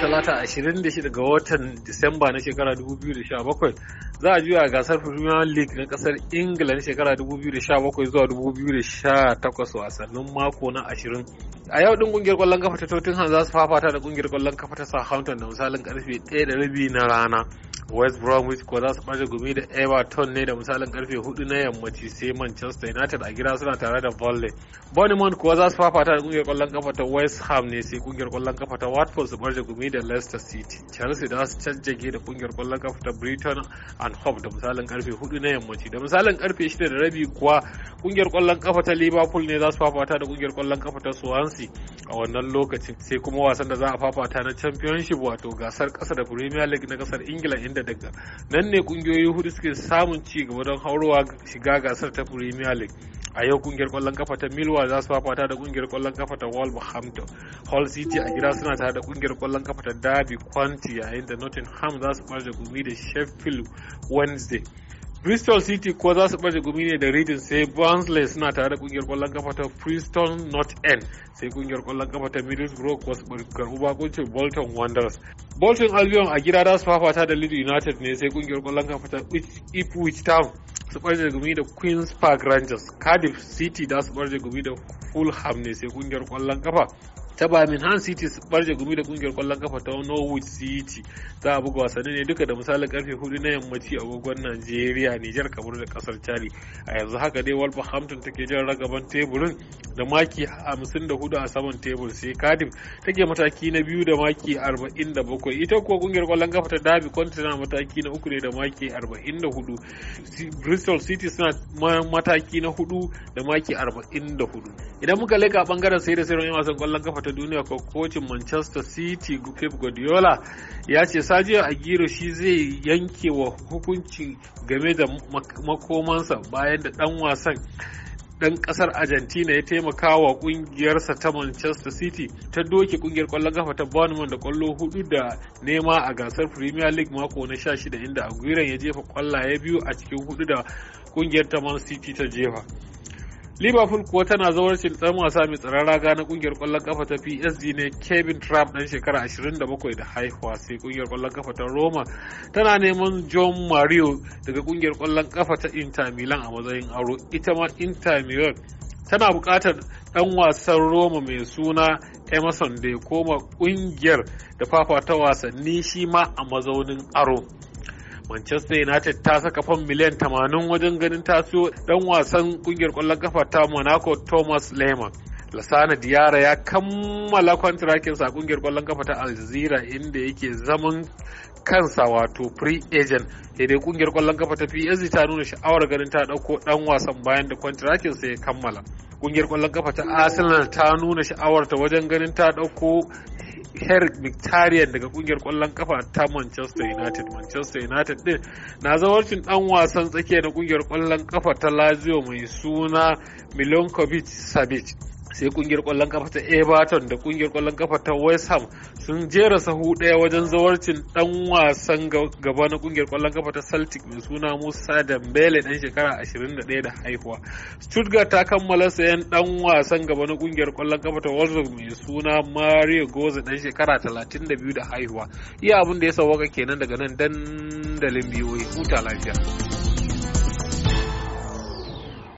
talata 26 ga watan Disamba na shekara 2017 za a juya gasar Premier League na kasar Ingila na shekara 2017 zuwa 2018 wasannin mako na 20. A yau din kungiyar kwallon kafa ta Tottenham za su fafata da kungiyar kwallon kafa ta Southampton da misalin karfe 1 da rabi na rana. west bromwich ko za su ɓace gumi da everton ne da misalin karfe 4 na yammaci sai manchester united a gida suna tare da volley bournemouth kuwa za su fafata da kungiyar kwallon kafa ta west ham ne sai kungiyar kwallon kafa ta watford su ɓace gumi da leicester city chelsea za su canjage da kungiyar kwallon kafa ta brighton and hove da misalin karfe 4 na yammaci da misalin karfe 6 da rabi kuwa kungiyar kwallon kafa ta liverpool ne za su fafata da kungiyar kwallon kafa ta swansea a wannan lokacin sai kuma wasan da za a fafata na championship wato gasar kasa da premier league na kasar ingila inda daga nan ne kungiyoyi hudu suke samun ci gaba don haurowa shiga gasar ta premier league a yau kungiyar kwallon kafa ta milwa za su fafata da kungiyar kwallon kafa ta Wolverhampton. hall City a gida suna tare da kungiyar kwallon kafa ta Derby County yayin da Nottingham za su da gumi da Sheffield Wednesday. Bristol City ko za su ɓarje gumi ne da Reading sai Barnsley suna tare da kungiyar ƙwallon kafa ta Preston North End sai kungiyar ƙwallon kafa ta Middlesbrough ko su karɓi bakuncin Bolton Wanderers. Bolton Albion a gida za su fafata da Leeds United ne sai kungiyar ƙwallon kafa ta Ipswich Town su ɓarje gumi da Queen's Park Rangers. Cardiff City za su ɓarje gumi da Fulham ne sai kungiyar ƙwallon kafa ta Birmingham City su barje gumi da kungiyar kwallon kafa ta Norwich City za a buga wasanni ne duka da misalin karfe hudu na yammaci a agogon Najeriya Nijar kamar da kasar Chari a yanzu haka dai Wolverhampton take jan ragaban teburin da maki 54 a saman tebur sai Cardiff take mataki na biyu da maki 47 ita kuwa kungiyar kwallon kafa ta Derby County tana mataki na uku ne da maki 44 Bristol City suna mataki na hudu da maki 44 idan muka leka bangaren sai da sayarwa wasan kwallon kafa ta ta duniya ko kocin Manchester City Pep Guardiola ya ce sajiyar agiro shi zai yanke wa hukunci game da makomansa bayan da dan wasan dan kasar Argentina ya taimaka wa kungiyarsa ta Manchester City ta doke kungiyar kwallon kafa ta Bournemouth da kwallo hudu da nema a gasar Premier League mako na 16 inda aguirre ya jefa kwallaye biyu a cikin hudu da kungiyar ta Man City ta jefa. liverpool kuwa tana zawarcin dan wasa mai tsaron raga na kungiyar kwallon kafa ta psg ne kevin trapp dan shekara 27 da haihuwa sai kungiyar kwallon kafa ta roma tana neman john mario daga kungiyar kwallon kafa ta inter milan a matsayin aro ita ma inter milan tana buƙatar ɗan wasan Roma mai suna Emerson da ya koma ƙungiyar da ta wasanni shi ma a mazaunin aro. Manchester United ta saka fam miliyan tamanin wajen ganin taso dan wasan kungiyar kwallon kafa ta Monaco Thomas Lehmann. Lasana Diara ya kammala kwantirakinsa a kungiyar kwallon kafa ta Aljazeera inda yake zaman kansa wato free agent daidai kungiyar kwallon kafa ta PSG ta nuna sha'awar ganin ta dauko dan wasan bayan da kwantirakinsa ya kammala. kungiyar kwallon kafa ta arsenal ta nuna sha'awar ta wajen ganin ta dauko. Herrick Mkhitaryan daga kungiyar kwallon kafa ta Manchester United. Manchester United din na zawarcin dan wasan tsakiya na kungiyar kwallon kafa ta Lazio mai suna Milankovic Savic. sai kungiyar kwallon kafa ta everton da kungiyar kwallon kafa ta west ham sun jera sahu daya wajen zawarcin dan wasan gaba na kungiyar kwallon kafa ta celtic mai suna musa dambele dan shekara 21 da haihuwa stuttgart ta kammala sayan dan wasan gaba na kungiyar kwallon kafa ta wolfsburg mai suna mario goza dan shekara 32 da haihuwa iya abin da ya sauwaka kenan daga nan dandalin biyoyi huta lafiya